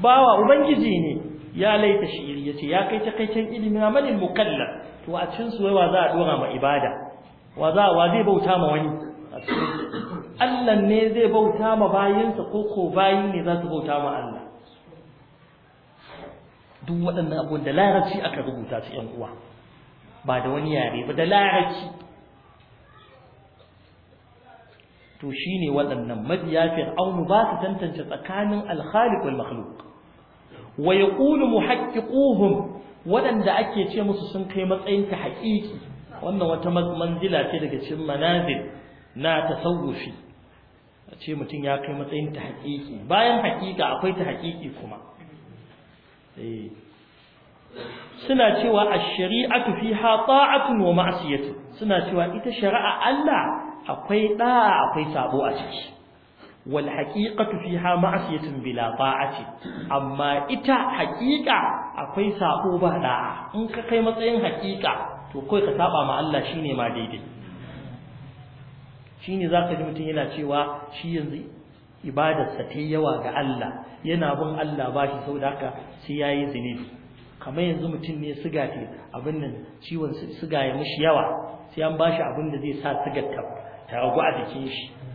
bawa ubangiji ne ya laita shi'ri yace ya kai ta kai can ilmi man al-mukallaf to a cikin su wa za a dora ma ibada wa za wa zai bauta ma wani Allah ne zai bauta ma bayinsa ko ko bayin ne za su bauta ma Allah duk waɗannan abubuwan da larabci aka rubuta su ‘yan uwa ba da wani yare ba da larabci to shi ne waɗannan mabiya fir'aunu ba su tantance tsakanin alkhaliq wal makhluq wa yaqulu muhaqqiquhum waɗanda ake ce musu sun kai matsayin ta haƙiƙi wannan wata manzila ce daga cikin manazil na tasawufi a ce mutum ya kai matsayin ta haƙiƙi bayan haƙiƙa akwai ta haƙiƙi kuma eh. suna cewa a shariatu fiha ta'atun wa ma'siyatu suna cewa ita shari'a Allah akwai ɗa, akwai sabo a ciki wal haqiqatu fiha ma'siyatun bila ta'ati amma ita haƙiƙa akwai sako ba da'a in ka kai matsayin haqiqa to kai ka saba ma Allah shine ma daidai shine zaka ji mutum yana cewa shi yanzu ibadarsa ta yawa ga Allah yana bin Allah bashi saboda haka sai yayi zunubi kamar yanzu mutum ne siga ce abin nan ciwon siga ya mishi yawa sai an bashi abin da zai sa sigar ta ragu a jikin shi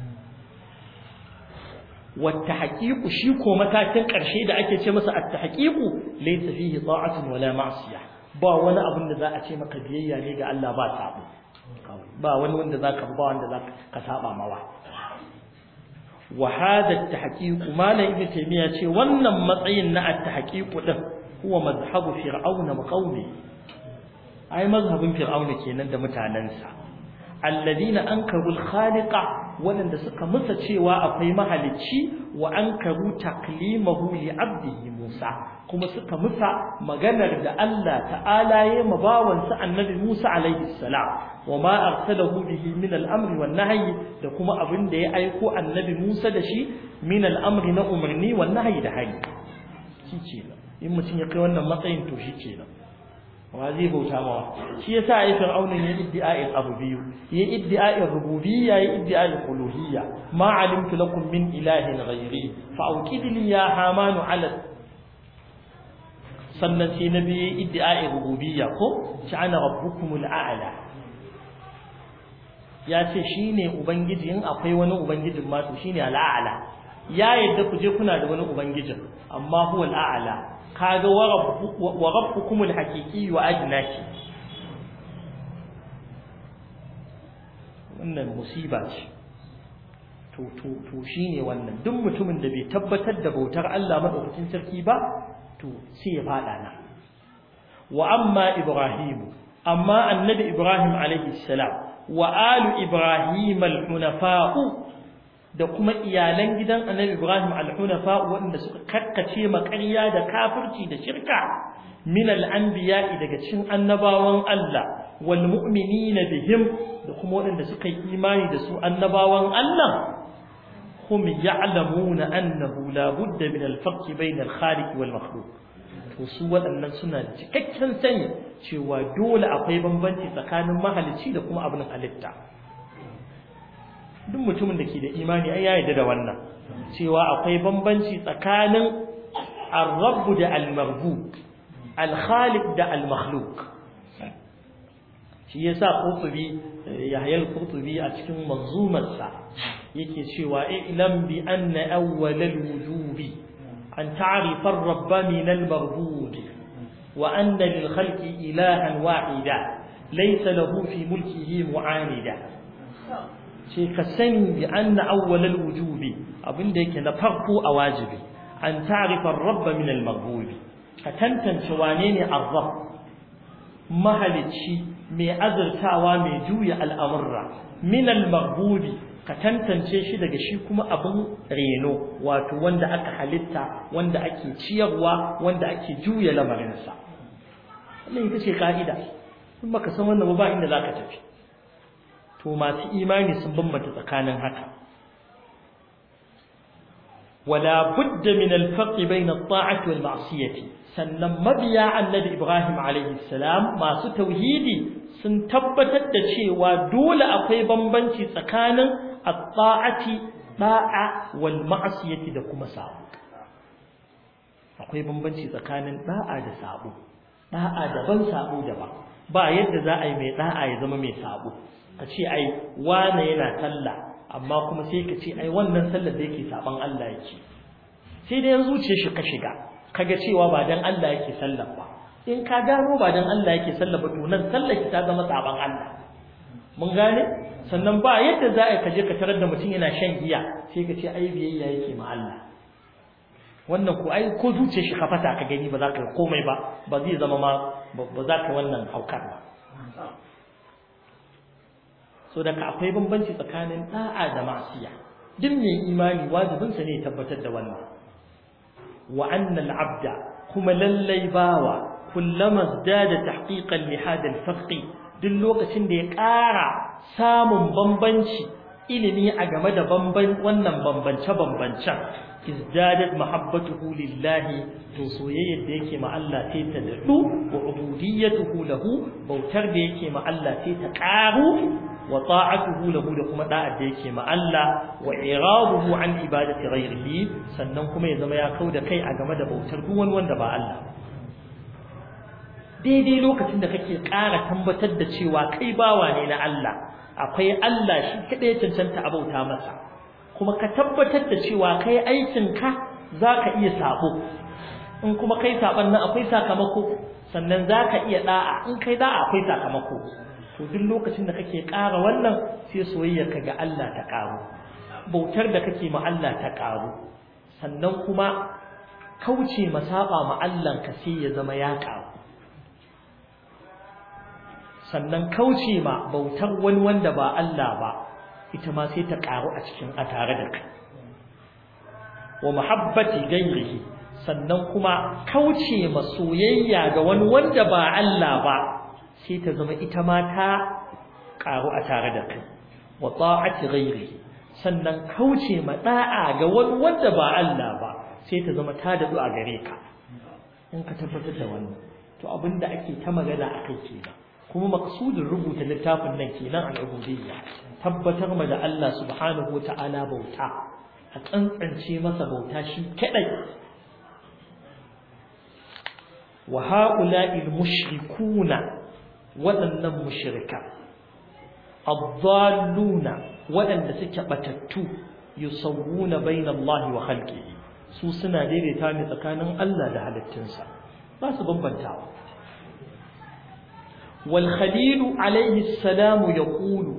wata haƙiƙu shi ko matakin ƙarshe da ake ce masa atta haƙiƙu laisa fihi ta'atun wala ma'siya ba wani abin da za a ce maka biyayya ne ga Allah ba sabo ba wani wanda zaka ba wanda ka saba mawa wa hada at malam ibnu ce wannan matsayin na ta tahqiq din kuwa mazhabu fir'auna wa qaumi ai mazhabin fir'auna kenan da mutanensa alladina an al-khaliqa waɗanda suka musa cewa akwai mahalicci wa an karu taklimahu li abdihi Musa kuma suka musa maganar da Allah ta'ala ya ma bawansa annabi Musa alaihi salam wa ma arsalahu bihi min al-amri wan nahyi da kuma abin da ya aiko annabi Musa da shi min al-amri na umarni wan nahyi da hali shi ce in mutum ya kai wannan matsayin to shi ce wa zai bauta mawa shi yasa ai fir'auna ya iddi'a'il abu biyu ya iddi'a'il rububiyya ya iddi'a'il uluhiyya ma alimtu lakum min ilahin ghairi fa auqid ya hamanu ala sannan sai nabi ya iddi'a'il rububiyya ko "Ci ana rabbukumul a'la ya ce shine ubangiji in akwai wani ubangijin ma to shine al'a'la ya yadda ku je kuna da wani ubangijin amma huwa al'a'la kaga wa rabbukumul haqiqi wa adna shi wannan musiba ce to to to shine wannan duk mutumin da bai tabbatar da bautar Allah madaukakin sarki ba to sai ya fada na wa amma ibrahim amma annabi ibrahim alaihi salam wa alu ibrahim al-hunafa'u da kuma iyalan gidan annabi Ibrahim al-Hunafa wanda suka karkace makarya da kafirci da shirka min al-anbiya daga cikin annabawan Allah wal mu'minina bihim da kuma wanda suka yi imani da su annabawan Allah hum ya'lamuna annahu la budda min al-farq bayna al-khaliq wal makhluq to su waɗannan suna da cikakken sani cewa dole akwai bambanci tsakanin mahalicci da kuma abin halitta duk mutumin da ke da imani ai ya yarda da wannan cewa akwai bambanci tsakanin ar-rabb da al-marbub al-khaliq da al-makhluq shi yasa qurtubi yahya al-qurtubi a cikin manzumarsa yake cewa ilam bi anna awwal al-wujubi an ta'rifa ar-rabb min al-marbub wa anna lil-khalqi ilahan wahida laysa lahu fi mulkihi mu'anida ce ka sani bi anna awwalal wujubi abinda yake na farko a wajibi an tarifar rabba rabb min al-maghbubi ka tantance wane ne ar-rabb mahalici mai azurtawa mai juya al'amurra min al-maghbubi ka tantance shi daga shi kuma abin reno wato wanda aka halitta wanda ake ciyarwa wanda ake juya lamarinsa wannan ita ce ka'ida in baka san wannan ba inda ka tafi to masu imani sun bambanta tsakanin haka wala budda min al-farq bayna at-ta'ati wal ma'siyati sannan mabiya annabi Ibrahim alaihi salam masu tauhidi sun tabbatar da cewa dole akwai bambanci tsakanin at-ta'ati da'a wal ma'siyati da kuma sabo akwai bambanci tsakanin da'a da sabo da'a daban sabo daban ba yadda za a yi mai da'a ya zama mai sabo ka ce ai wane yana talla, amma kuma sai ka ce ai wannan sallar da yake saban Allah yake sai dai ce shi ka shiga kaga cewa ba dan Allah yake sallar ba in ka gano ba dan Allah yake sallar ba to nan sallar ki ta zama saban Allah mun gane sannan ba yadda za a ka je ka tarar da mutum yana shan giya sai ka ce ai biyayya yake ma Allah wannan ko ai ko zuciyar shi ka fata ka gani ba za ka komai ba ba zai zama ma ba za ka wannan haukar ba so daga akwai bambanci tsakanin da'a da ma'siya duk mai imani wajibin sa ne tabbatar da wannan wa anna al-abda kuma lallai bawa kullama zada tahqiqan li hada al-faqi duk lokacin da ya ƙara samun bambanci ilimi a game da bamban wannan bambance bambancen izdadat mahabbatuhu lillahi to soyayyar da yake ma Allah sai ta dadu wa ubudiyyatuhu lahu bautar da yake ma Allah sai ta ƙaru wa ta'atuhu lahu da kuma da'ar da yake ma Allah wa iraduhu an ibadati ghairihi sannan kuma ya zama ya kauda kai a game da bautar duk wani wanda ba Allah daidai lokacin da kake ƙara tambatar da cewa kai bawa ne na Allah akwai Allah shi kadai cancanta a bauta masa kuma ka tabbatar da cewa kai aikin ka zaka iya sabo in kuma kai saban nan akwai sakamako sannan zaka iya da'a in kai da'a akwai sakamako to duk lokacin da kake ƙara wannan sai soyayyarka ga Allah ta ƙaru bautar da kake ma Allah ta ƙaru sannan kuma kauce masaba ma Allah ka sai ya zama ya ƙaru sannan kauce ma bautar wani wanda ba Allah ba ita ma sai ta ƙaru a cikin a tare da kai wa muhabbati gairihi sannan kuma kauce ma soyayya ga wani wanda ba Allah ba sai ta zama ita ma ta ƙaru a tare da kai wa ta'ati ghairi sannan kauce ma da'a ga wani wanda ba Allah ba sai ta zama ta dadu a gare ka in ka tabbatar da wannan to abinda ake ta magana akai ba, kuma maqsudin rubuta littafin nan kenan a ubudiyya tabbatar ma da Allah subhanahu wa ta'ala bauta a tsantsance masa bauta shi kadai وهؤلاء المشركون waɗannan mushirika addalluna waɗanda suke batattu yusawwuna bainallahi wa khalqihi su suna daidaita ne tsakanin Allah da halittunsa ba su bambantawa wal khalil alayhi salam yaqulu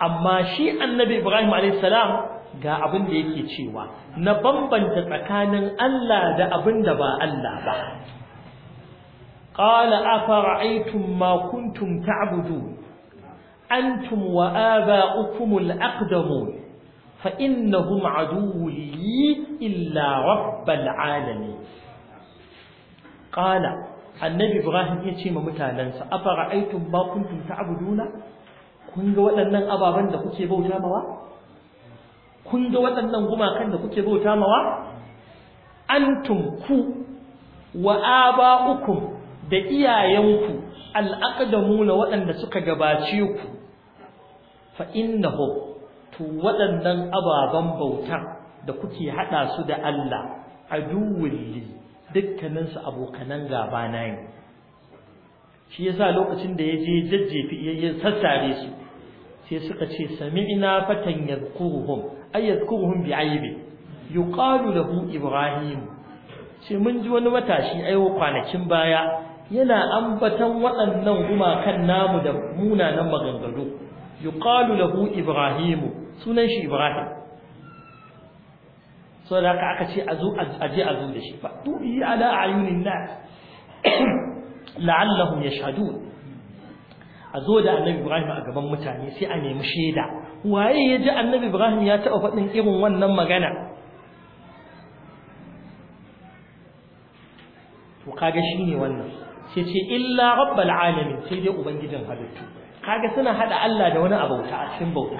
amma shi annabi ibrahim alayhi salam ga abin da yake cewa na bambanta tsakanin Allah da abin da ba Allah ba قال أفرأيتم ما كنتم تعبدون أنتم وآباؤكم الأقدمون فإنهم عدو لي إلا رب العالمين قال النبي إبراهيم يتيم متالنسا أفرأيتم ما كنتم تعبدون kun ga waɗannan ababen da kuke bauta mawa? kun ga waɗannan gumakan da kuke bauta mawa? antum ku wa aba'ukum da iyayenku al'aqdamu la waɗanda suka gabace ku fa innahu to waɗannan ababan bautar da kuke hada su da Allah aduwulli dukkanin su abokanan gaba na ne shi yasa lokacin da yaje jajjefi yayin sassare su sai suka ce sami'na fatan yadhkuruhum ay yadhkuruhum bi'aybi yuqalu lahu ibrahim sai mun ji wani matashi ayo kwanakin baya yana ambatan waɗannan gumakan namu da munanan maganganu yuqalu lahu ibrahimu sunan shi ibrahim so da aka ce a zo a je a zo da shi fa tu yi ala ayunin nas *coughs* la'allahum yashhadun a zo da annabi ibrahim a gaban mutane sai a nemi shaida waye ya ji annabi ibrahim ya taɓa faɗin irin wannan magana to kaga shine wannan sai ce illa rabbal alamin sai dai ubangijin halittu kaga suna hada Allah da wani abauta a cikin bauta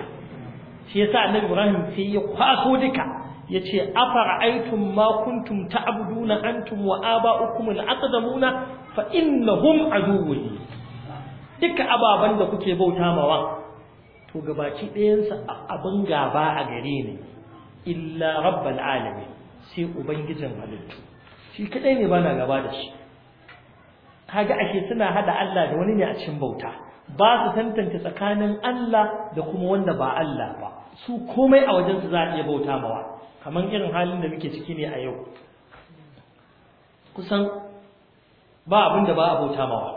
shi yasa annabi Ibrahim sai ya kwaso duka yace afara'aytum ma kuntum ta'buduna antum wa aba'ukum al-aqdamuna fa innahum aduwwi duka ababan da kuke bauta mawa to gabaci ɗayan sa abin gaba a gare ne illa rabbal alamin sai ubangijin halittu shi kadai ne bana gaba da shi kaga ashe suna hada Allah da wani ne a cikin bauta ba su tantance tsakanin Allah da kuma wanda ba Allah ba su komai a wajen su za a iya bauta mawa kamar irin halin da muke ciki ne a yau kusan ba abin da ba a bauta mawa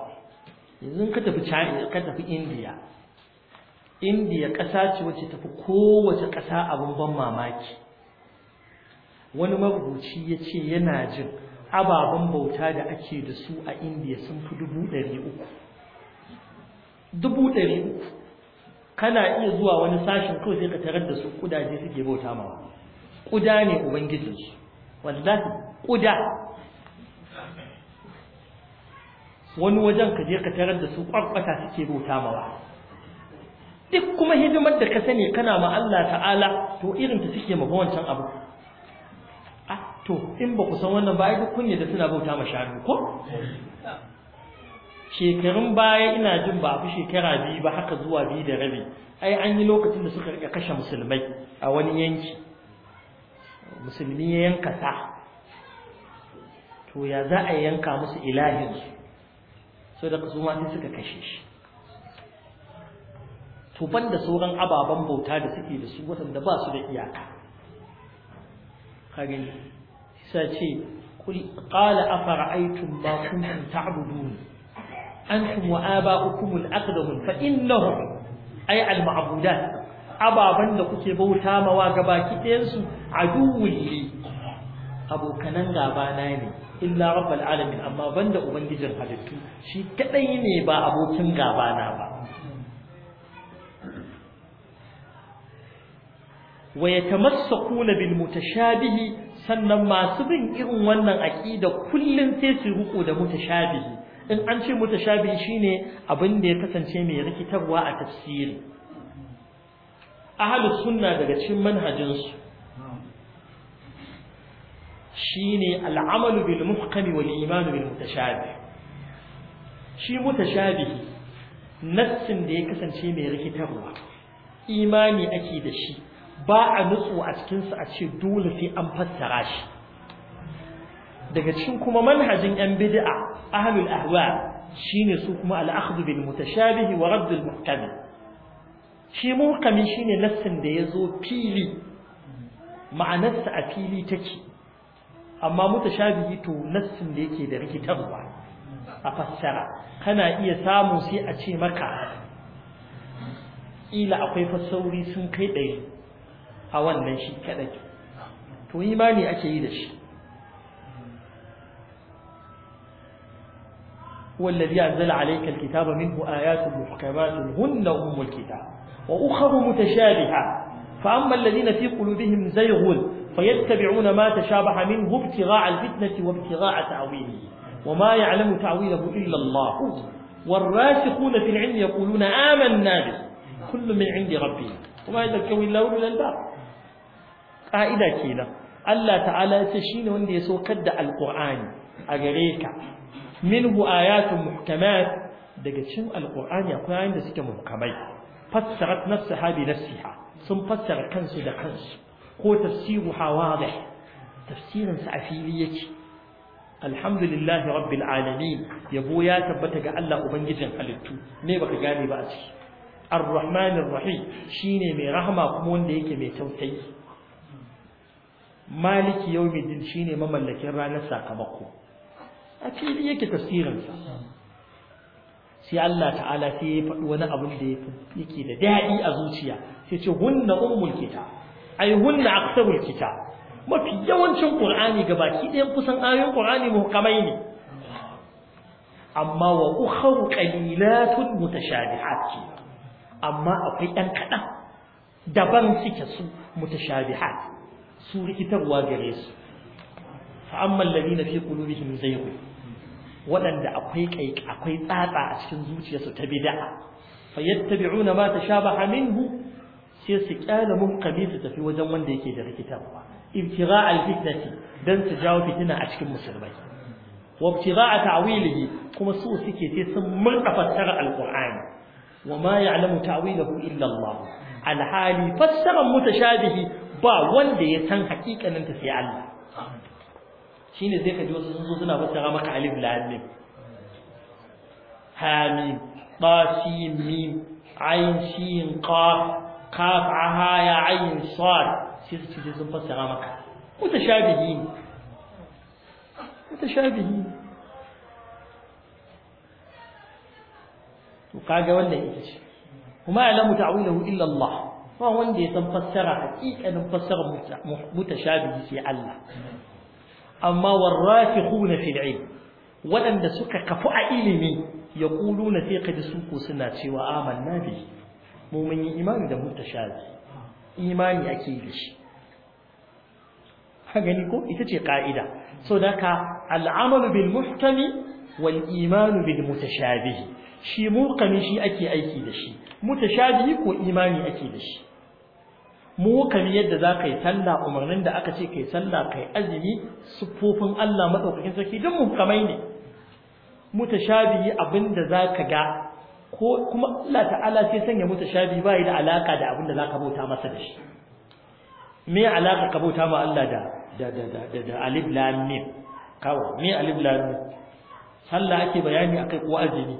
yanzu ka tafi China ka tafi India India ƙasa ce wacce tafi kowace ƙasa abin ban mamaki wani marubuci ya ce yana jin ababen bauta da ake da su a indiya sun fi dubu ɗari uku dubu ɗari uku kana iya zuwa wani sashen kawai sai ka tarar da su kudaje suke bauta ma kuda ne ubangijinsu wallahi kuda wani wajen ka je ka tarar da su kwakwata suke bauta mawa duk kuma hidimar da ka sani kana ma Allah ta'ala to irin ta suke ma abu to in ba ku san wannan ba ku kunya da suna bauta ma shanu ko shekarun baya ina jin ba fi shekara biyu ba haka zuwa biyu da rabi ai an yi lokacin da suka rika kashe musulmai a wani yanki musulmi ya yanka sa to ya za a yanka musu ilahinsu sau da su sai suka kashe shi to ban da sauran ababen bauta da suke da su waɗanda ba su da iyaka ka sace qala afara'aytum ma kuntum ta'budun antum wa aba'ukum al-aqdamun fa innahum ay al-ma'budat ababan da kuke bauta wa gabaki ɗayan su aduwwi abokanan gaba na ne illa rabbal alamin amma banda ubangijin halittu shi kadai ne ba abokin gaba na ba wa yatamassakuna bil mutashabihi sannan masu bin irin wannan aƙida kullum sai su ruku da mutashabihi in an ce mutashabihi shine abin da ya kasance mai rikitarwa a tafsiri ahlus sunna daga cikin manhajin su shine al'amalu bil muhkami wal iman bil mutashabih shi mutashabihi nassin da ya kasance mai rikitarwa imani ake da shi ba a nutsu a cikinsu a ce dole sai an fassara shi daga cikin kuma manhajin yan bid'a ahlul ahwa shine su kuma al-akhdh bil mutashabih wa radd al muhkam shi muhkami shine nassin da yazo fili ma'anarsa a fili take amma mutashabihi to nassin da yake da rikitarwa a fassara kana iya samu sai a ce maka ila akwai sauri sun kai ɗaya a wannan shi kadai to imani ake yi da shi والذي أنزل عليك الكتاب منه آيات محكمات هن أم الكتاب وأخر متشابهات فأما الذين في قلوبهم زيغ فيتبعون ما تشابه منه ابتغاء الفتنة وابتغاء تعويله وما يعلم تعويله إلا الله والراسخون في العلم يقولون آمنا به كل من عند ربنا وما يذكر إلا أولو الألباب ka'ida kenan Allah ta'ala ya ce shine wanda ya saukar da alqur'ani a gare ka minhu ayatun muhkamat daga cikin alqur'ani akwai ayoyin da suke muhkamai fassarat nafsaha bi nafsiha sun fassara kansu da kansu ko tafsiru hawadih tafsirin sa a fili yake alhamdulillahi rabbil alamin yabo ya tabbata ga Allah ubangijin halittu me baka gane ba a ciki arrahmanir rahim shine mai rahama kuma wanda yake mai tausayi maliki shi shine mamallakin ranar sakamako a fili yake tasirinsa. sai Allah ta'ala sai ya faɗi wani abin da yake da daɗi a zuciya sai ce hunna un mulkita. ai hunna aktarul mulkita. mafi yawancin ga baki ɗayan kusan ayoyin ƙur'ani muhkamai ne amma wa ukharu qalilatun mutashabihat amma akwai ɗan kaɗan daban suke su mutashabihat su rikitarwa gare su fa amma fi qulubihim zayg waɗanda akwai akwai tsatsa a cikin zuciyarsu ta bid'a fayattabi'una ma tashabaha minhu sai su kyala munkami su tafi wajen wanda yake da rikitarwa al alfitnati dan su jawo fitina a cikin musulmai wa ibtigha ta'wilihi kuma su suke sai sun murda fassara alqur'ani wa ma ya'lamu ta'wilahu illa Allah alhali fassaran mutashabihi ba wanda ya san hakikanin ta sai Allah shine zai kaji wasu sun zo suna fassara maka alif lam mim hamim qasim mim ain shin qaf qaf aha ya ain sad sai su ce sun fassara maka mutashabihi mutashabihi to kaga wannan ita ce kuma ya lamu ta'awulahu illa Allah ba wanda ya san fassara hakikanin fassara mutashabihi sai Allah amma warrafiquna fil ilm waɗanda suka kafu a ilimi ya ƙulu na sai kaji su ko suna cewa amanna bi mu mun yi imani da mutashabi imani ake da shi ha gani ko ita ce ka'ida so da ka al'amalu bil muhkami wal imanu bil mutashabihi shi muhkami shi ake aiki da shi mutashabihi ko imani ake da shi mu kamar yadda za ka yi sallah umarnin da aka ce ka yi sallah ka yi azumi siffofin Allah maɗaukakin sarki duk muhkamai ne mutashabihi abin da za ka ga ko kuma Allah ta'ala sai sanya mutashabihi ba yi da alaka da abin da za ka bauta masa da shi me alaka ka bauta ma Allah da da da da da alif lam mim kawai me alif lam mim sallah ake bayani akai ko azumi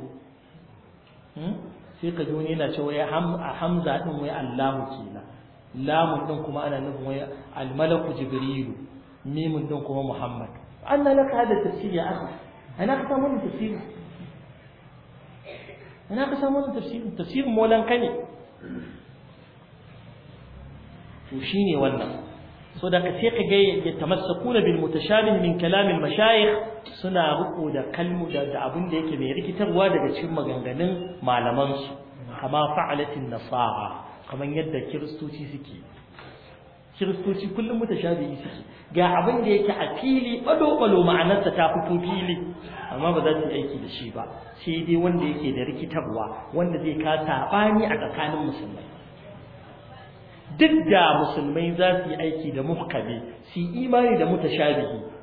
hmm? sai ka ji wani yana cewa ya hamza din wai Allahu kenan lamun din kuma ana nufin wai al jibrilu mimun din kuma muhammad anna laka hada tafsir ya akhi ana ka samu tafsir ana ka samu tafsir tafsir molan ka ne to shine wannan so da ka sai ka ga ya tamassakuna bil mutashabih min kalam al mashayikh suna riko da kalmu da abin da yake mai rikitarwa daga cikin maganganun malaman su kama fa'alatin nasara kamar yadda kiristoci suke kiristoci kullum mutashabihi suke ga abin da yake a fili balo balo ma'anarsa ta fito fili amma ba za su yi aiki da shi ba sai dai wanda yake da rikitarwa wanda zai ka sabani a tsakanin musulmai duk da musulmai za su yi aiki da muhkami su imani da mutashabihi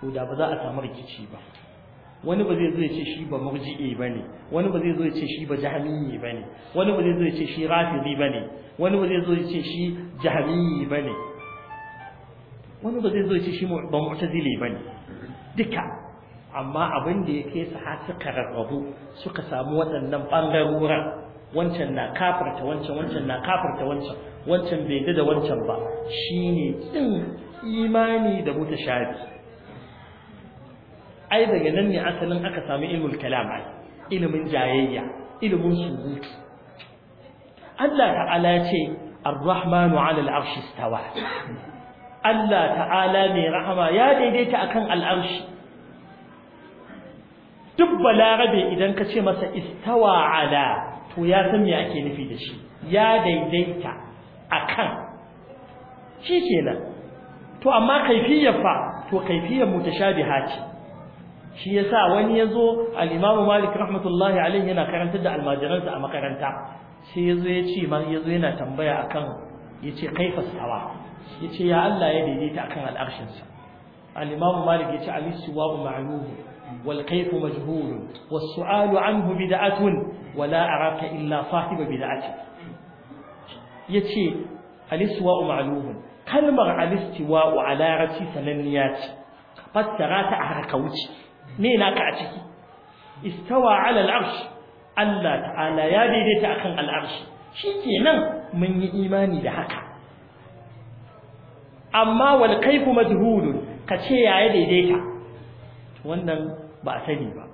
to da ba za a samu rikici ba wani ba zai zo ya ce shi ba murji'i bane wani ba zai zo ya ce shi ba jahmiyi bane wani ba zai zo ya ce shi ba bane wani ba zai zo ya ce shi jahmiyi bane wani ba zai zo ya ce shi ba mu'tazili bane duka amma abin da ya su har suka rarrabu suka samu waɗannan bangarorin wancan na kafarta wancan wancan na kafarta wancan wancan bai da wancan ba shine kin imani da mutashabi ai daga nan ne asalin aka samu ilmul kalam ai ilmin jayayya ilimin surutu Allah ta'ala ya ce ar 'ala al istawa Allah ta'ala mai rahama ya daidaita akan alarshi. duk balarabe idan ka ce masa istawa 'ala to ya san me ake nufi da shi ya daidaita akan shi kenan to amma kaifiyar fa to kaifiyar mutashabiha ce shi yasa wani yazo al-Imam Malik rahmatullahi alaihi yana karantar da almajiransa a makaranta sai yazo ya ce mar yazo yana tambaya akan yace kaifa sawa yace ya Allah ya daidaita akan al-arshin sa al-Imam Malik yace al-istiwa ma'lum wal kayf majhul was-su'al anhu bid'atun wala la araka illa sahiba bid'atin yace al-istiwa ma'lum kalmar al-istiwa ala rati sananniya ce fassara ta a haka wuce me naka a ciki istawa ala al'arsh Allah ta'ala ya daidaita akan al'arsh shikenan mun yi imani da haka amma wal kaifu majhulun kace yaya daidaita wannan ba a sani ba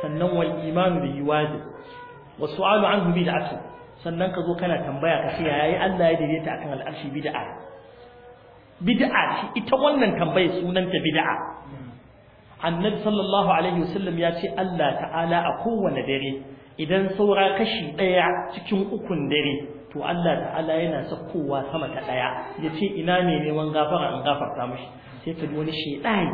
sannan wal imanu bi wajib wa su'alu anhu bid'atu sannan ka zo kana tambaya ka ce yayi Allah ya daidaita akan al'arshi bid'a bid'a ce ita wannan tambayar sunanta bid'a annabi sallallahu alaihi wasallam ya ce Allah ta'ala a kowane dare idan saura kashi ɗaya cikin ukun dare to Allah ta'ala yana sakkowa sama ta ɗaya ya ce ina ne neman gafara an gafarta mashi sai ka wani shaidani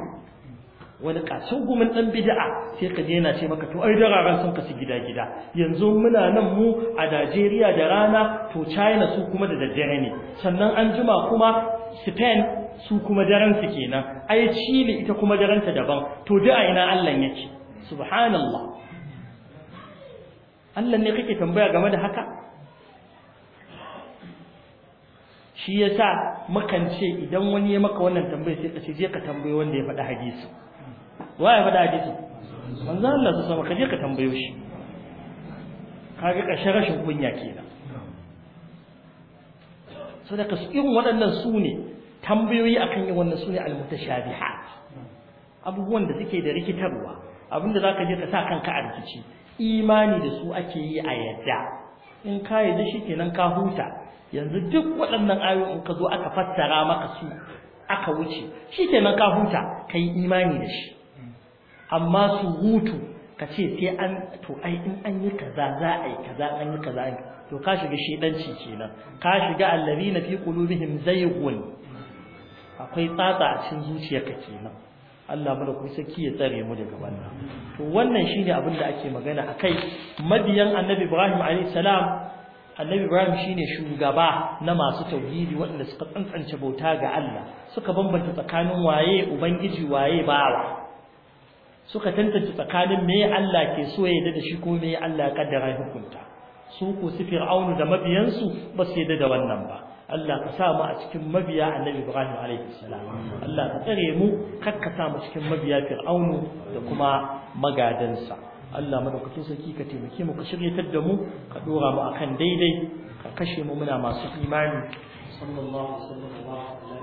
wani kasar gumin ɗan bida'a sai ka yana ce maka to ai dararen sun kasu gida gida yanzu muna nan mu a Najeriya da rana to China su kuma da daddare ne sannan an kuma Spain su kuma daren su kenan ai ne ita kuma daren ta daban to da ina Allah yake subhanallah Allah ne kake tambaya game da haka shi yasa mukan ce idan wani ya maka wannan tambaya sai ka ce je ka tambaye wanda ya faɗi hadisi wa ya faɗi hadisi manzo Allah su sama ka je ka tambaye shi kaga ƙarshen rashin kunya kenan sadaka su irin waɗannan su ne tambayoyi akan yin wannan sune al-mutashabihat abubuwan da suke da rikitarwa abinda zaka je ka sa kanka a rikici imani da su ake yi a yadda in ka yi shi kenan ka huta yanzu duk waɗannan ayoyi in ka zo aka fassara maka su aka wuce shi kenan ka huta kai imani da shi amma su hutu ka ce sai an to ai in an yi kaza za a yi kaza an yi kaza to ka shiga shedanci kenan ka shiga allazina fi qulubihim zayghun akwai tsatsa a cikin zuciyarka kenan Allah da ku saki ya tsare mu daga wannan to wannan shine abin da ake magana akai mabiyan Annabi Ibrahim alayhi salam Annabi Ibrahim shine shugaba na masu tauhidi waɗanda suka tsantsance bauta ga Allah suka bambanta tsakanin waye ubangiji waye bawa suka tantance tsakanin me Allah ke so ya yarda da shi ko me Allah ya kaddara hukunta su ko su fir'aunu da mabiyansu ba su yarda da wannan ba Allah ka sa mu a cikin mabiya annabi Ibrahim alaihi salam Allah ka tsare mu kakka sa mu cikin mabiya Fir'aunu da kuma magadansa Allah madaukakin sarki ka taimake mu ka shiryatar da mu ka dora mu akan daidai ka kashe mu muna masu imani sallallahu alaihi